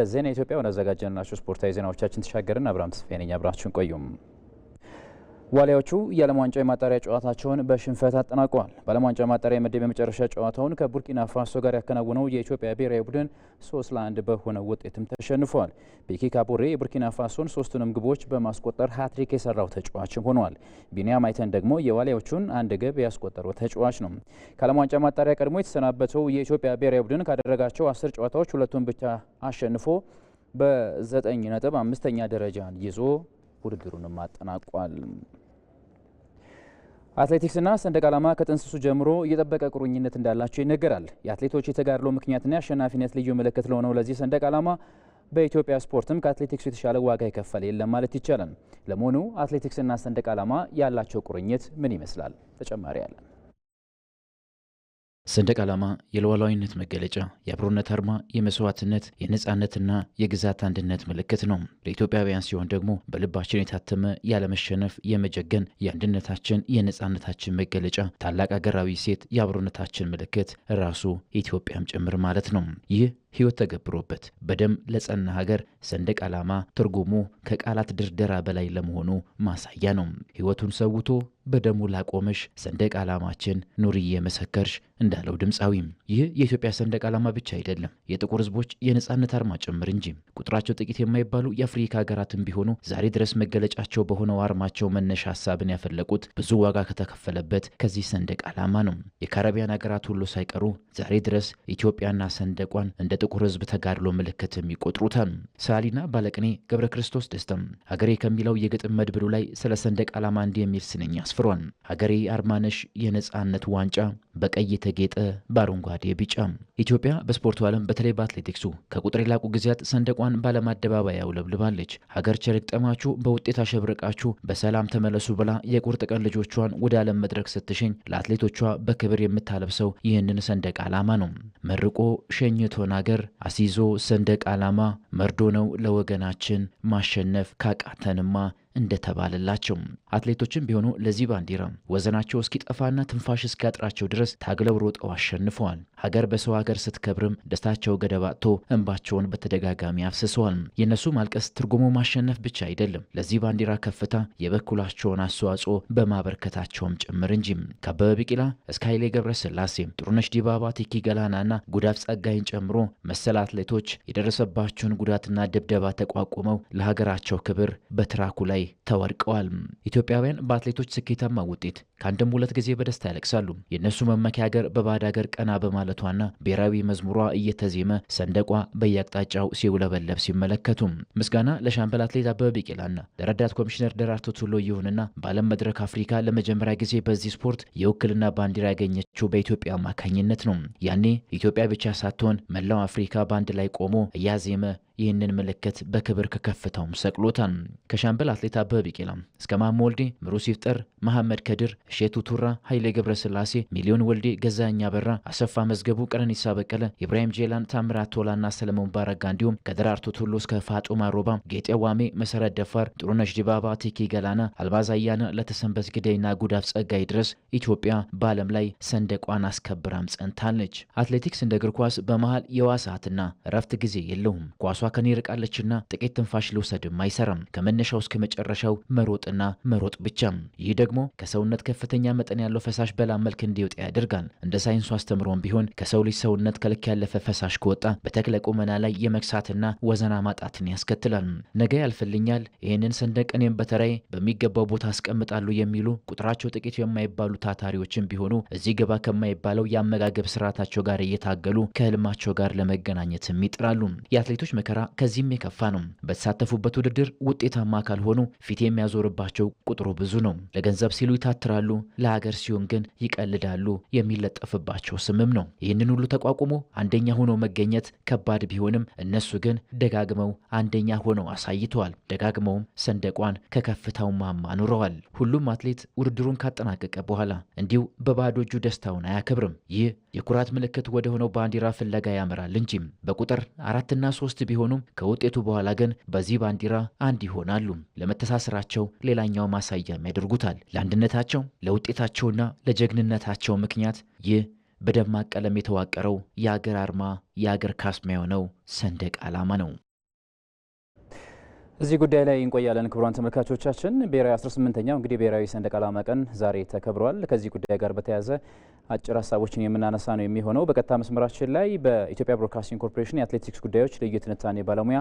ለዜና ኢትዮጵያ ወዳዘጋጀንላችሁ ስፖርታዊ ዜናዎቻችን ተሻገርን። አብርሃም ተስፋዬ ነኝ። አብራችሁን ቆዩም ዋሊያዎቹ የዓለም ዋንጫ የማጣሪያ ጨዋታቸውን በሽንፈት አጠናቀዋል። በዓለም ዋንጫ ማጣሪያ ምድብ የመጨረሻ ጨዋታውን ከቡርኪና ፋሶ ጋር ያከናውነው የኢትዮጵያ ብሔራዊ ቡድን ሶስት ለአንድ በሆነ ውጤትም ተሸንፏል። ቤኪ ካቡሬ የቡርኪና ፋሶን ሶስቱንም ግቦች በማስቆጠር ሀትሪክ የሰራው ተጫዋች ሆኗል። ቢኒያም አይተን ደግሞ የዋሊያዎቹን አንድ ግብ ያስቆጠረው ተጫዋች ነው። ከዓለም ዋንጫ ማጣሪያ ቀድሞ የተሰናበተው የኢትዮጵያ ብሔራዊ ቡድን ካደረጋቸው አስር ጨዋታዎች ሁለቱን ብቻ አሸንፎ በዘጠኝ ነጥብ አምስተኛ ደረጃን ይዞ ውድድሩንም አጠናቋል። አትሌቲክስና ሰንደቅ ዓላማ ከጥንስሱ ጀምሮ እየጠበቀ ቁርኝነት እንዳላቸው ይነገራል። የአትሌቶች የተጋድሎ ምክንያትና የአሸናፊነት ልዩ ምልክት ለሆነው ለዚህ ሰንደቅ ዓላማ በኢትዮጵያ ስፖርትም ከአትሌቲክሱ የተሻለ ዋጋ ይከፈል የለም ማለት ይቻላል። ለመሆኑ አትሌቲክስና ሰንደቅ ዓላማ ያላቸው ቁርኝት ምን ይመስላል? ተጨማሪ አለን። ሰንደቅ ዓላማ የሉዓላዊነት መገለጫ፣ የአብሮነት አርማ፣ የመስዋዕትነት፣ የነፃነትና የግዛት አንድነት ምልክት ነው። ለኢትዮጵያውያን ሲሆን ደግሞ በልባችን የታተመ ያለመሸነፍ፣ የመጀገን፣ የአንድነታችን፣ የነፃነታችን መገለጫ፣ ታላቅ አገራዊ ሴት፣ የአብሮነታችን ምልክት ራሱ ኢትዮጵያም ጭምር ማለት ነው። ይህ ሕይወት ተገብሮበት በደም ለጸና ሀገር ሰንደቅ ዓላማ ትርጉሙ ከቃላት ድርደራ በላይ ለመሆኑ ማሳያ ነው። ሕይወቱን ሰውቶ በደሙ ላቆመሽ ሰንደቅ ዓላማችን ኑሪ የመሰከርሽ እንዳለው ድምፃዊም ይህ የኢትዮጵያ ሰንደቅ ዓላማ ብቻ አይደለም፣ የጥቁር ህዝቦች የነፃነት አርማ ጭምር እንጂ። ቁጥራቸው ጥቂት የማይባሉ የአፍሪካ ሀገራትን ቢሆኑ ዛሬ ድረስ መገለጫቸው በሆነው አርማቸው መነሻ ሀሳብን ያፈለቁት ብዙ ዋጋ ከተከፈለበት ከዚህ ሰንደቅ ዓላማ ነው። የካረቢያን ሀገራት ሁሉ ሳይቀሩ ዛሬ ድረስ ኢትዮጵያና ሰንደቋን እንደ የጥቁር ህዝብ ተጋድሎ ምልክት የሚቆጥሩትን ሰዓሊና ባለቅኔ ገብረ ክርስቶስ ደስተም ሀገሬ ከሚለው የግጥም መድብሉ ላይ ስለ ሰንደቅ ዓላማ እንዲህ የሚል ስንኝ አስፍሯል። ሀገሬ አርማነሽ የነፃነት ዋንጫ በቀይ የተጌጠ በአረንጓዴ ቢጫ። ኢትዮጵያ በስፖርቱ ዓለም በተለይ በአትሌቲክሱ ከቁጥር የላቁ ጊዜያት ሰንደቋን ባለማደባባይ አደባባይ አውለብልባለች። ሀገር ቸር በውጤት አሸብርቃችሁ በሰላም ተመለሱ ብላ የቁርጥ ቀን ልጆቿን ወደ ዓለም መድረክ ስትሸኝ ለአትሌቶቿ በክብር የምታለብሰው ይህንን ሰንደቅ ዓላማ ነው። መርቆ ሸኝቶን አገር ሀገር አሲዞ ሰንደቅ ዓላማ መርዶ ነው ለወገናችን ማሸነፍ ካቃተንማ እንደተባለላቸው አትሌቶችም ቢሆኑ ለዚህ ባንዲራ ወዘናቸው እስኪጠፋና ትንፋሽ እስኪያጥራቸው ድረስ ታግለው ሮጠው አሸንፈዋል። ሀገር በሰው ሀገር ስትከብርም ደስታቸው ገደብ አጥቶ እንባቸውን በተደጋጋሚ አፍስሰዋል። የእነሱ ማልቀስ ትርጉሙ ማሸነፍ ብቻ አይደለም፣ ለዚህ ባንዲራ ከፍታ የበኩላቸውን አስተዋጽኦ በማበርከታቸውም ጭምር እንጂ። ከአበበ ቢቂላ እስከ ኃይሌ ገብረስላሴ፣ ጥሩነሽ ዲባባ፣ ቲኪ ገላናና ጉዳፍ ጸጋይን ጨምሮ መሰል አትሌቶች የደረሰባቸውን ጉዳትና ድብደባ ተቋቁመው ለሀገራቸው ክብር በትራኩ ላይ ተወድቀዋል። ኢትዮጵያውያን በአትሌቶች ስኬታማ ውጤት ከአንድም ሁለት ጊዜ በደስታ ያለቅሳሉ። የእነሱ መመኪያ ሀገር በባዕድ ሀገር ቀና በማለት ማለቷና ብሔራዊ መዝሙሯ እየተዜመ ሰንደቋ በየአቅጣጫው ሲውለበለብ ሲመለከቱ ምስጋና ለሻምበል አትሌት አበበ ቢቂላና ለረዳት ኮሚሽነር ደራርቱ ቱሉ ይሁንና በዓለም መድረክ አፍሪካ ለመጀመሪያ ጊዜ በዚህ ስፖርት የውክልና ባንዲራ ያገኘችው በኢትዮጵያ አማካኝነት ነው። ያኔ ኢትዮጵያ ብቻ ሳትሆን መላው አፍሪካ በአንድ ላይ ቆሞ እያዜመ ይህንን ምልክት በክብር ከከፍታውም ሰቅሎታል። ከሻምበል አትሌት አበበ ቢቂላ እስከ ማሞ ወልዴ፣ ምሩ ሲፍጠር፣ መሐመድ ከድር፣ እሼቱ ቱራ፣ ኃይሌ ገብረስላሴ፣ ሚሊዮን ወልዴ፣ ገዛኸኝ አበራ፣ አሰፋ መዝገቡ፣ ቀነኒሳ በቀለ፣ ኢብራሂም ጄላን፣ ታምራት ቶላና ሰለሞን ባረጋ እንዲሁም ከደራርቱ ቱሉ እስከ ፋጡማ ሮባ፣ ጌጤ ዋሜ፣ መሰረት ደፋር፣ ጥሩነሽ ዲባባ፣ ቲኪ ገላና፣ አልባዝ አያነ፣ ለተሰንበት ግደይና ጉዳፍ ጸጋይ ድረስ ኢትዮጵያ በዓለም ላይ ሰንደቋን አስከብራም ጸንታለች። አትሌቲክስ እንደ እግር ኳስ በመሃል የዋሳትና እረፍት ጊዜ የለውም። ኳሷ ከኔ ርቃለችና ጥቂት ትንፋሽ ልውሰድም አይሰራም። ከመነሻው እስከ መጨረሻው መሮጥና መሮጥ ብቻ። ይህ ደግሞ ከሰውነት ከፍተኛ መጠን ያለው ፈሳሽ በላብ መልክ እንዲወጣ ያደርጋል። እንደ ሳይንሱ አስተምሮም ቢሆን ከሰው ልጅ ሰውነት ከልክ ያለፈ ፈሳሽ ከወጣ በተክለ ቁመና ላይ የመክሳትና ወዘና ማጣትን ያስከትላል። ነገ ያልፍልኛል፣ ይህንን ሰንደቅ እኔም በተራዬ በሚገባው ቦታ አስቀምጣሉ የሚሉ ቁጥራቸው ጥቂት የማይባሉ ታታሪዎችን ቢሆኑ እዚህ ገባ ከማይባለው የአመጋገብ ስርዓታቸው ጋር እየታገሉ ከህልማቸው ጋር ለመገናኘትም ይጥራሉ። የአትሌቶች መከራ ኪሳራ ከዚህም የከፋ ነው። በተሳተፉበት ውድድር ውጤታማ ካልሆኑ ፊት የሚያዞርባቸው ቁጥሩ ብዙ ነው። ለገንዘብ ሲሉ ይታትራሉ፣ ለሀገር ሲሆን ግን ይቀልዳሉ የሚለጠፍባቸው ስምም ነው። ይህንን ሁሉ ተቋቁሞ አንደኛ ሆኖ መገኘት ከባድ ቢሆንም እነሱ ግን ደጋግመው አንደኛ ሆነው አሳይተዋል። ደጋግመውም ሰንደቋን ከከፍታው ማማ ኑረዋል። ሁሉም አትሌት ውድድሩን ካጠናቀቀ በኋላ እንዲሁ በባዶ እጁ ደስታውን አያከብርም። ይህ የኩራት ምልክት ወደ ሆነው ባንዲራ ፍለጋ ያመራል እንጂ በቁጥር አራትና ሶስት ቢሆኑ ቢሆኑም ከውጤቱ በኋላ ግን በዚህ ባንዲራ አንድ ይሆናሉ። ለመተሳሰራቸው ሌላኛው ማሳያም ያደርጉታል። ለአንድነታቸው፣ ለውጤታቸውና ለጀግንነታቸው ምክንያት ይህ በደማቅ ቀለም የተዋቀረው የአገር አርማ የአገር ካስማ የሆነው ሰንደቅ ዓላማ ነው። እዚህ ጉዳይ ላይ እንቆያለን። ክቡራን ተመልካቾቻችን ብሔራዊ 18ኛው እንግዲህ ብሔራዊ ሰንደቅ ዓላማ ቀን ዛሬ ተከብሯል። ከዚህ ጉዳይ ጋር በተያያዘ አጭር ሀሳቦችን የምናነሳ ነው የሚሆነው። በቀጥታ መስመራችን ላይ በኢትዮጵያ ብሮድካስቲንግ ኮርፖሬሽን የአትሌቲክስ ጉዳዮች ልዩ ትንታኔ ባለሙያ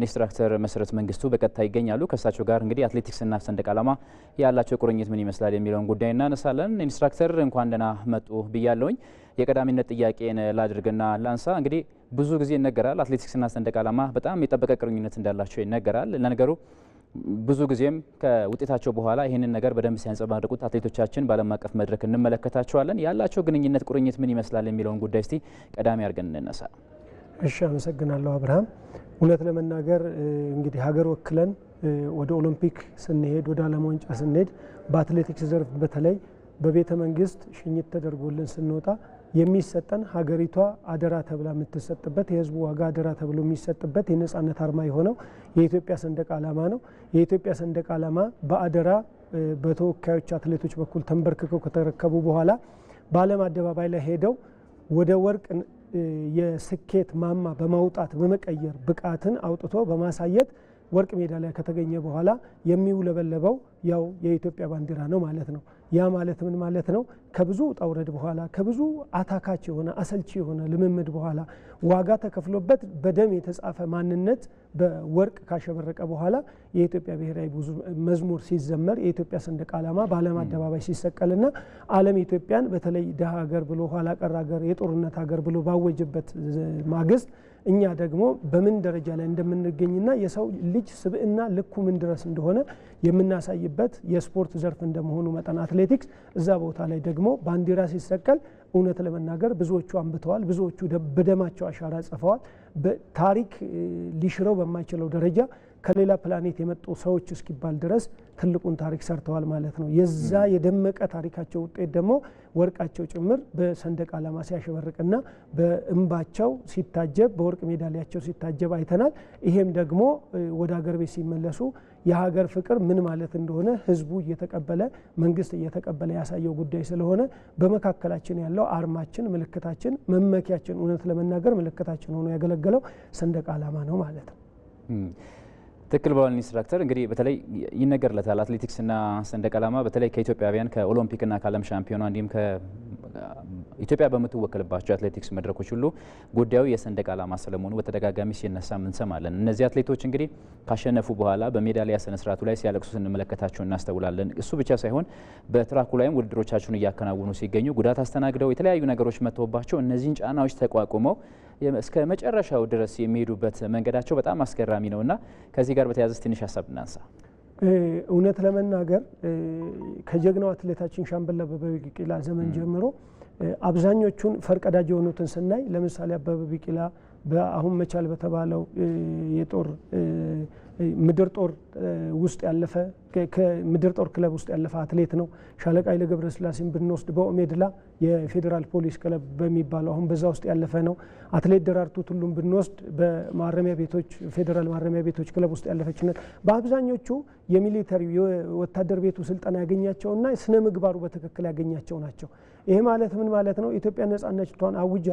ኢንስትራክተር መሰረት መንግስቱ በቀጥታ ይገኛሉ። ከእሳቸው ጋር እንግዲህ አትሌቲክስና ሰንደቅ ዓላማ ያላቸው ቁርኝት ምን ይመስላል የሚለውን ጉዳይ እናነሳለን። ኢንስትራክተር እንኳን ደህና መጡ ብያለውኝ። የቀዳሚነት ጥያቄን ላድርግና ላንሳ። እንግዲህ ብዙ ጊዜ ይነገራል አትሌቲክስና ሰንደቅ ዓላማ በጣም የጠበቀ ቁርኝነት እንዳላቸው ይነገራል። ለነገሩ ብዙ ጊዜም ከውጤታቸው በኋላ ይህንን ነገር በደንብ ሲያንጸባርቁት አትሌቶቻችን በዓለም አቀፍ መድረክ እንመለከታቸዋለን። ያላቸው ግንኙነት ቁርኝት ምን ይመስላል የሚለውን ጉዳይ እስቲ ቀዳሚ አድርገን እንነሳ። እሺ፣ አመሰግናለሁ አብርሃም። እውነት ለመናገር እንግዲህ ሀገር ወክለን ወደ ኦሎምፒክ ስንሄድ ወደ ዓለም ዋንጫ ስንሄድ በአትሌቲክስ ዘርፍ በተለይ በቤተ መንግስት ሽኝት ተደርጎልን ስንወጣ የሚሰጠን ሀገሪቷ አደራ ተብላ የምትሰጥበት የህዝቡ ዋጋ አደራ ተብሎ የሚሰጥበት የነጻነት አርማ የሆነው የኢትዮጵያ ሰንደቅ ዓላማ ነው። የኢትዮጵያ ሰንደቅ ዓላማ በአደራ በተወካዮች አትሌቶች በኩል ተንበርክከው ከተረከቡ በኋላ በዓለም አደባባይ ላይ ሄደው ወደ ወርቅ የስኬት ማማ በማውጣት በመቀየር ብቃትን አውጥቶ በማሳየት ወርቅ ሜዳሊያ ከተገኘ በኋላ የሚውለበለበው ያው የኢትዮጵያ ባንዲራ ነው ማለት ነው። ያ ማለት ምን ማለት ነው? ከብዙ ውጣ ውረድ በኋላ ከብዙ አታካች የሆነ አሰልቺ የሆነ ልምምድ በኋላ ዋጋ ተከፍሎበት በደም የተጻፈ ማንነት በወርቅ ካሸበረቀ በኋላ የኢትዮጵያ ብሔራዊ መዝሙር ሲዘመር የኢትዮጵያ ሰንደቅ ዓላማ በዓለም አደባባይ ሲሰቀልና ዓለም ኢትዮጵያን በተለይ ድሃ ሀገር ብሎ ኋላ ቀር ሀገር የጦርነት ሀገር ብሎ ባወጀበት ማግስት እኛ ደግሞ በምን ደረጃ ላይ እንደምንገኝና የሰው ልጅ ስብዕና ልኩ ምን ድረስ እንደሆነ የምናሳይበት የስፖርት ዘርፍ እንደመሆኑ መጠን አትሌቲክስ እዛ ቦታ ላይ ደግሞ ባንዲራ ሲሰቀል እውነት ለመናገር ብዙዎቹ አንብተዋል፣ ብዙዎቹ በደማቸው አሻራ ጽፈዋል። ታሪክ ሊሽረው በማይችለው ደረጃ ከሌላ ፕላኔት የመጡ ሰዎች እስኪባል ድረስ ትልቁን ታሪክ ሰርተዋል ማለት ነው። የዛ የደመቀ ታሪካቸው ውጤት ደግሞ ወርቃቸው ጭምር በሰንደቅ ዓላማ ሲያሸበርቅና በእንባቸው ሲታጀብ በወርቅ ሜዳሊያቸው ሲታጀብ አይተናል። ይሄም ደግሞ ወደ ሀገር ቤት ሲመለሱ የሀገር ፍቅር ምን ማለት እንደሆነ ህዝቡ እየተቀበለ መንግስት እየተቀበለ ያሳየው ጉዳይ ስለሆነ በመካከላችን ያለው አርማችን፣ ምልክታችን፣ መመኪያችን እውነት ለመናገር ምልክታችን ሆኖ ያገለገለው ሰንደቅ ዓላማ ነው ማለት ነው። ትክክል ብለዋል ኢንስትራክተር። እንግዲህ በተለይ ይነገርለታል አትሌቲክስና ሰንደቅ ዓላማ በተለይ ከኢትዮጵያውያን ከኦሎምፒክና ከዓለም ሻምፒዮና እንዲሁም ኢትዮጵያ በምትወከልባቸው የአትሌቲክስ መድረኮች ሁሉ ጉዳዩ የሰንደቅ ዓላማ ስለመሆኑ በተደጋጋሚ ሲነሳ እንሰማለን። እነዚህ አትሌቶች እንግዲህ ካሸነፉ በኋላ በሜዳሊያ ስነስርዓቱ ላይ ሲያለቅሱ ስንመለከታቸው እናስተውላለን። እሱ ብቻ ሳይሆን በትራኩ ላይም ውድድሮቻቸውን እያከናወኑ ሲገኙ ጉዳት አስተናግደው የተለያዩ ነገሮች መጥተውባቸው እነዚህን ጫናዎች ተቋቁመው እስከ መጨረሻው ድረስ የሚሄዱበት መንገዳቸው በጣም አስገራሚ ነውና ከዚህ ጋር በተያያዘ ትንሽ ሀሳብ እናንሳ። እውነት ለመናገር ከጀግናው አትሌታችን ሻምበል አበበ ቢቂላ ዘመን ጀምሮ አብዛኞቹን ፈርቀዳጅ የሆኑትን ስናይ ለምሳሌ አበበ ቢቂላ በአሁን መቻል በተባለው የጦር ምድር ጦር ውስጥ ያለፈ ከምድር ጦር ክለብ ውስጥ ያለፈ አትሌት ነው። ሻለቃ ኃይለ ገብረስላሴን ብንወስድ በኦሜድላ የፌዴራል ፖሊስ ክለብ በሚባለው አሁን በዛ ውስጥ ያለፈ ነው። አትሌት ደራርቱ ቱሉን ብንወስድ በማረሚያ ቤቶች ፌዴራል ማረሚያ ቤቶች ክለብ ውስጥ ያለፈችነት በአብዛኞቹ የሚሊተሪ የወታደር ቤቱ ስልጠና ያገኛቸውና ስነ ምግባሩ በትክክል ያገኛቸው ናቸው። ይሄ ማለት ምን ማለት ነው? ኢትዮጵያ ነጻነቷን አውጃ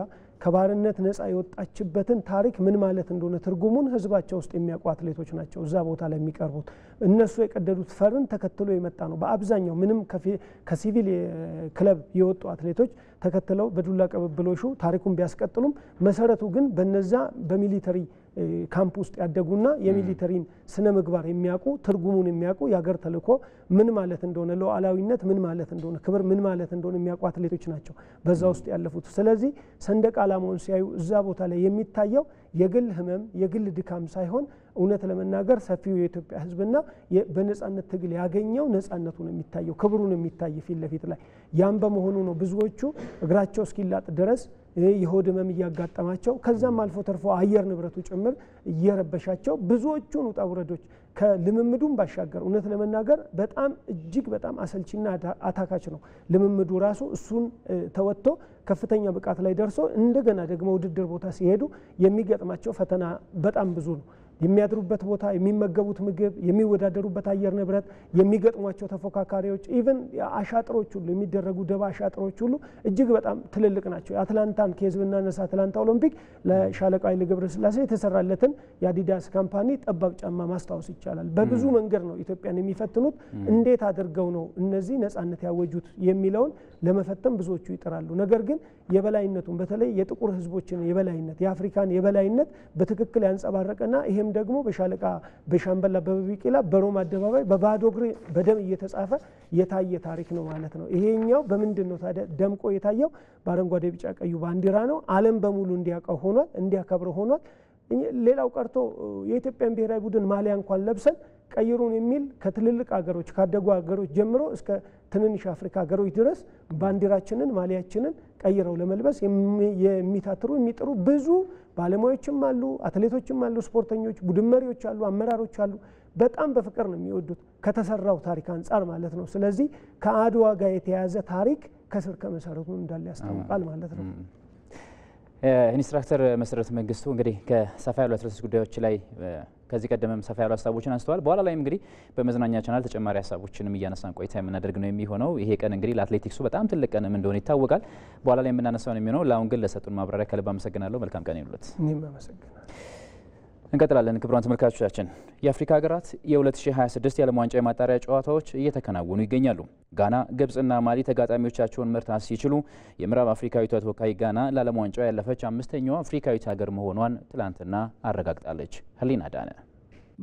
ከባርነት ነጻ የወጣችበትን ታሪክ ምን ማለት እንደሆነ ትርጉሙን ህዝባቸው ውስጥ የሚያውቁ አትሌቶች ናቸው እዛ ቦታ ላይ የሚቀርቡት። እነሱ የቀደዱት ፈርን ተከትሎ የመጣ ነው። በአብዛኛው ምንም ከሲቪል ክለብ የወጡ አትሌቶች ተከትለው በዱላ ቅብብሎሹ ታሪኩን ቢያስቀጥሉም መሰረቱ ግን በነዛ በሚሊተሪ ካምፕ ውስጥ ያደጉና የሚሊተሪን ስነ ምግባር የሚያውቁ ትርጉሙን የሚያውቁ የሀገር ተልዕኮ ምን ማለት እንደሆነ፣ ሉዓላዊነት ምን ማለት እንደሆነ፣ ክብር ምን ማለት እንደሆነ የሚያውቁ አትሌቶች ናቸው በዛ ውስጥ ያለፉት። ስለዚህ ሰንደቅ ዓላማውን ሲያዩ እዛ ቦታ ላይ የሚታየው የግል ህመም፣ የግል ድካም ሳይሆን እውነት ለመናገር ሰፊው የኢትዮጵያ ህዝብና በነጻነት ትግል ያገኘው ነጻነቱ ነው የሚታየው፣ ክብሩ ነው የሚታይ ፊት ለፊት ላይ። ያም በመሆኑ ነው ብዙዎቹ እግራቸው እስኪላጥ ድረስ የሆድ ህመም እያጋጠማቸው ከዛም አልፎ ተርፎ አየር ንብረቱ ጭምር እየረበሻቸው ብዙዎቹን ውጣ ውረዶች ከልምምዱም ባሻገር እውነት ለመናገር በጣም እጅግ በጣም አሰልቺና አታካች ነው ልምምዱ ራሱ። እሱን ተወጥቶ ከፍተኛ ብቃት ላይ ደርሶ እንደገና ደግሞ ውድድር ቦታ ሲሄዱ የሚገጥማቸው ፈተና በጣም ብዙ ነው። የሚያድሩበት ቦታ፣ የሚመገቡት ምግብ፣ የሚወዳደሩበት አየር ንብረት፣ የሚገጥሟቸው ተፎካካሪዎች፣ ኢቨን አሻጥሮች ሁሉ የሚደረጉ ደባ አሻጥሮች ሁሉ እጅግ በጣም ትልልቅ ናቸው። የአትላንታን ከህዝብ እናነሳ። አትላንታ ኦሎምፒክ ለሻለቃ ኃይሌ ገብረስላሴ የተሰራለትን የአዲዳስ ካምፓኒ ጠባብ ጫማ ማስታወስ ይቻላል። በብዙ መንገድ ነው ኢትዮጵያን የሚፈትኑት። እንዴት አድርገው ነው እነዚህ ነጻነት ያወጁት የሚለውን ለመፈተም ብዙዎቹ ይጥራሉ። ነገር ግን የበላይነቱን በተለይ የጥቁር ህዝቦችን የበላይነት የአፍሪካን የበላይነት በትክክል ያንጸባረቀና ይሄም ደግሞ በሻለቃ በሻምበላ አበበ በሮም አደባባይ በባዶ እግር በደም እየተጻፈ የታየ ታሪክ ነው ማለት ነው። ይሄኛው በምንድን ነው ታዲያ ደምቆ የታየው? በአረንጓዴ ቢጫ ቀዩ ባንዲራ ነው። ዓለም በሙሉ እንዲያውቀው ሆኗል፣ እንዲያከብረው ሆኗል። ሌላው ቀርቶ የኢትዮጵያን ብሔራዊ ቡድን ማሊያ እንኳን ለብሰን ቀይሩን የሚል ከትልልቅ ሀገሮች ካደጉ ሀገሮች ጀምሮ እስከ ትንንሽ አፍሪካ ሀገሮች ድረስ ባንዲራችንን ማሊያችንን ቀይረው ለመልበስ የሚታትሩ የሚጥሩ ብዙ ባለሙያዎችም አሉ፣ አትሌቶችም አሉ፣ ስፖርተኞች፣ ቡድን መሪዎች አሉ፣ አመራሮች አሉ። በጣም በፍቅር ነው የሚወዱት ከተሰራው ታሪክ አንጻር ማለት ነው። ስለዚህ ከአድዋ ጋር የተያዘ ታሪክ ከስር ከመሰረቱ እንዳለ ያስታውቃል ማለት ነው። ኢንስትራክተር መሰረት መንግስቱ እንግዲህ ከሰፋ ያሉ አትሌቲክስ ጉዳዮች ላይ ከዚህ ቀደመም ሰፋ ያሉ ሀሳቦችን አንስተዋል። በኋላ ላይም እንግዲህ በመዝናኛ ቻናል ተጨማሪ ሀሳቦችንም እያነሳን ቆይታ የምናደርግ ነው የሚሆነው። ይሄ ቀን እንግዲህ ለአትሌቲክሱ በጣም ትልቅ ቀንም እንደሆነ ይታወቃል። በኋላ ላይ የምናነሳው ነው የሚሆነው። ለአሁን ግን ለሰጡን ማብራሪያ ከልብ አመሰግናለሁ። መልካም ቀን ይሉት። እኔም አመሰግናለሁ። እንቀጥላለን ክቡራን ተመልካቾቻችን። የአፍሪካ ሀገራት የ2026 የዓለም ዋንጫ የማጣሪያ ጨዋታዎች እየተከናወኑ ይገኛሉ። ጋና፣ ግብፅና ማሊ ተጋጣሚዎቻቸውን መርታት ሲችሉ የምዕራብ አፍሪካዊቷ ተወካይ ጋና ለዓለም ዋንጫ ያለፈች አምስተኛዋ አፍሪካዊት ሀገር መሆኗን ትላንትና አረጋግጣለች። ህሊና ዳነ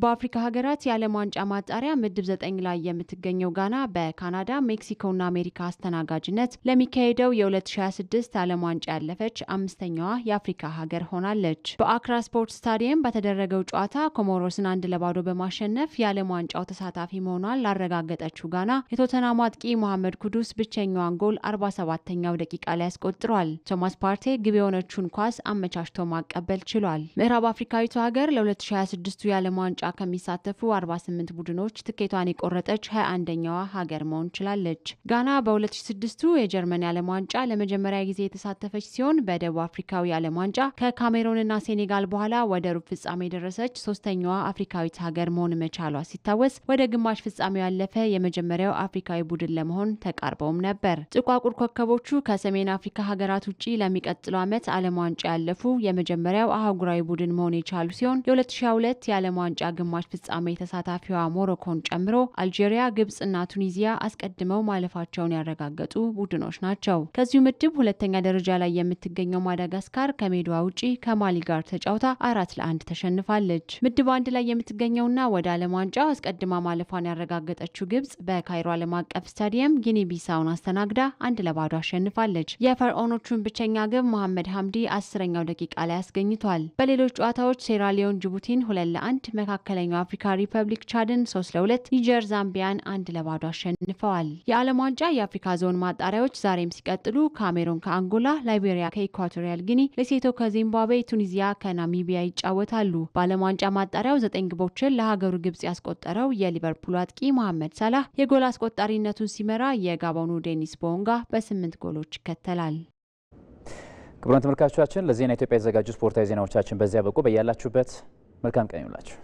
በአፍሪካ ሀገራት የዓለም ዋንጫ ማጣሪያ ምድብ ዘጠኝ ላይ የምትገኘው ጋና በካናዳ ሜክሲኮና አሜሪካ አስተናጋጅነት ለሚካሄደው የ2026 ዓለም ዋንጫ ያለፈች አምስተኛዋ የአፍሪካ ሀገር ሆናለች። በአክራ ስፖርት ስታዲየም በተደረገው ጨዋታ ኮሞሮስን አንድ ለባዶ በማሸነፍ የዓለም ዋንጫው ተሳታፊ መሆኗን ላረጋገጠችው ጋና የቶተናሙ አጥቂ መሐመድ ኩዱስ ብቸኛዋን ጎል 47ኛው ደቂቃ ላይ ያስቆጥሯል። ቶማስ ፓርቴ ግብ የሆነችውን ኳስ አመቻችቶ ማቀበል ችሏል። ምዕራብ አፍሪካዊቱ ሀገር ለ2026ቱ የዓለም ዋንጫ ምርጫ ከሚሳተፉ 48 ቡድኖች ትኬቷን የቆረጠች 21ኛዋ ሀገር መሆን ችላለች። ጋና በ2006ቱ የጀርመን የዓለም ዋንጫ ለመጀመሪያ ጊዜ የተሳተፈች ሲሆን በደቡብ አፍሪካዊ የዓለም ዋንጫ ከካሜሮንና ሴኔጋል በኋላ ወደ ሩብ ፍጻሜ የደረሰች ሶስተኛዋ አፍሪካዊት ሀገር መሆን መቻሏ ሲታወስ ወደ ግማሽ ፍጻሜው ያለፈ የመጀመሪያው አፍሪካዊ ቡድን ለመሆን ተቃርበውም ነበር። ጥቋቁር ኮከቦቹ ከሰሜን አፍሪካ ሀገራት ውጭ ለሚቀጥለው ዓመት ዓለም ዋንጫ ያለፉ የመጀመሪያው አህጉራዊ ቡድን መሆን የቻሉ ሲሆን የ 2002 የዓለም ዋንጫ ግማሽ ፍጻሜ ተሳታፊዋ ሞሮኮን ጨምሮ አልጄሪያ፣ ግብጽና ቱኒዚያ አስቀድመው ማለፋቸውን ያረጋገጡ ቡድኖች ናቸው። ከዚሁ ምድብ ሁለተኛ ደረጃ ላይ የምትገኘው ማዳጋስካር ከሜዳዋ ውጪ ከማሊ ጋር ተጫውታ አራት ለአንድ ተሸንፋለች። ምድብ አንድ ላይ የምትገኘውና ወደ ዓለም ዋንጫ አስቀድማ ማለፏን ያረጋገጠችው ግብጽ በካይሮ ዓለም አቀፍ ስታዲየም ጊኒ ቢሳውን አስተናግዳ አንድ ለባዶ አሸንፋለች። የፈርዖኖቹን ብቸኛ ግብ መሐመድ ሀምዲ አስረኛው ደቂቃ ላይ አስገኝቷል። በሌሎች ጨዋታዎች ሴራሊዮን ጅቡቲን ሁለት ለአንድ መካከል መካከለኛው አፍሪካ ሪፐብሊክ ቻድን ሶስት ለሁለት ኒጀር ዛምቢያን አንድ ለባዶ አሸንፈዋል። የዓለም ዋንጫ የአፍሪካ ዞን ማጣሪያዎች ዛሬም ሲቀጥሉ ካሜሩን ከአንጎላ፣ ላይቤሪያ ከኢኳቶሪያል ጊኒ፣ ሌሴቶ ከዚምባብዌ፣ ቱኒዚያ ከናሚቢያ ይጫወታሉ። በዓለም ዋንጫ ማጣሪያው ዘጠኝ ግቦችን ለሀገሩ ግብጽ ያስቆጠረው የሊቨርፑል አጥቂ መሐመድ ሰላህ የጎል አስቆጣሪነቱን ሲመራ የጋቦኑ ዴኒስ ቦንጋ በስምንት ጎሎች ይከተላል። ክቡራን ተመልካቾቻችን ለዜና ኢትዮጵያ የተዘጋጁ ስፖርታዊ ዜናዎቻችን በዚያ በቁ። በያላችሁበት መልካም ቀን ይሁንላችሁ።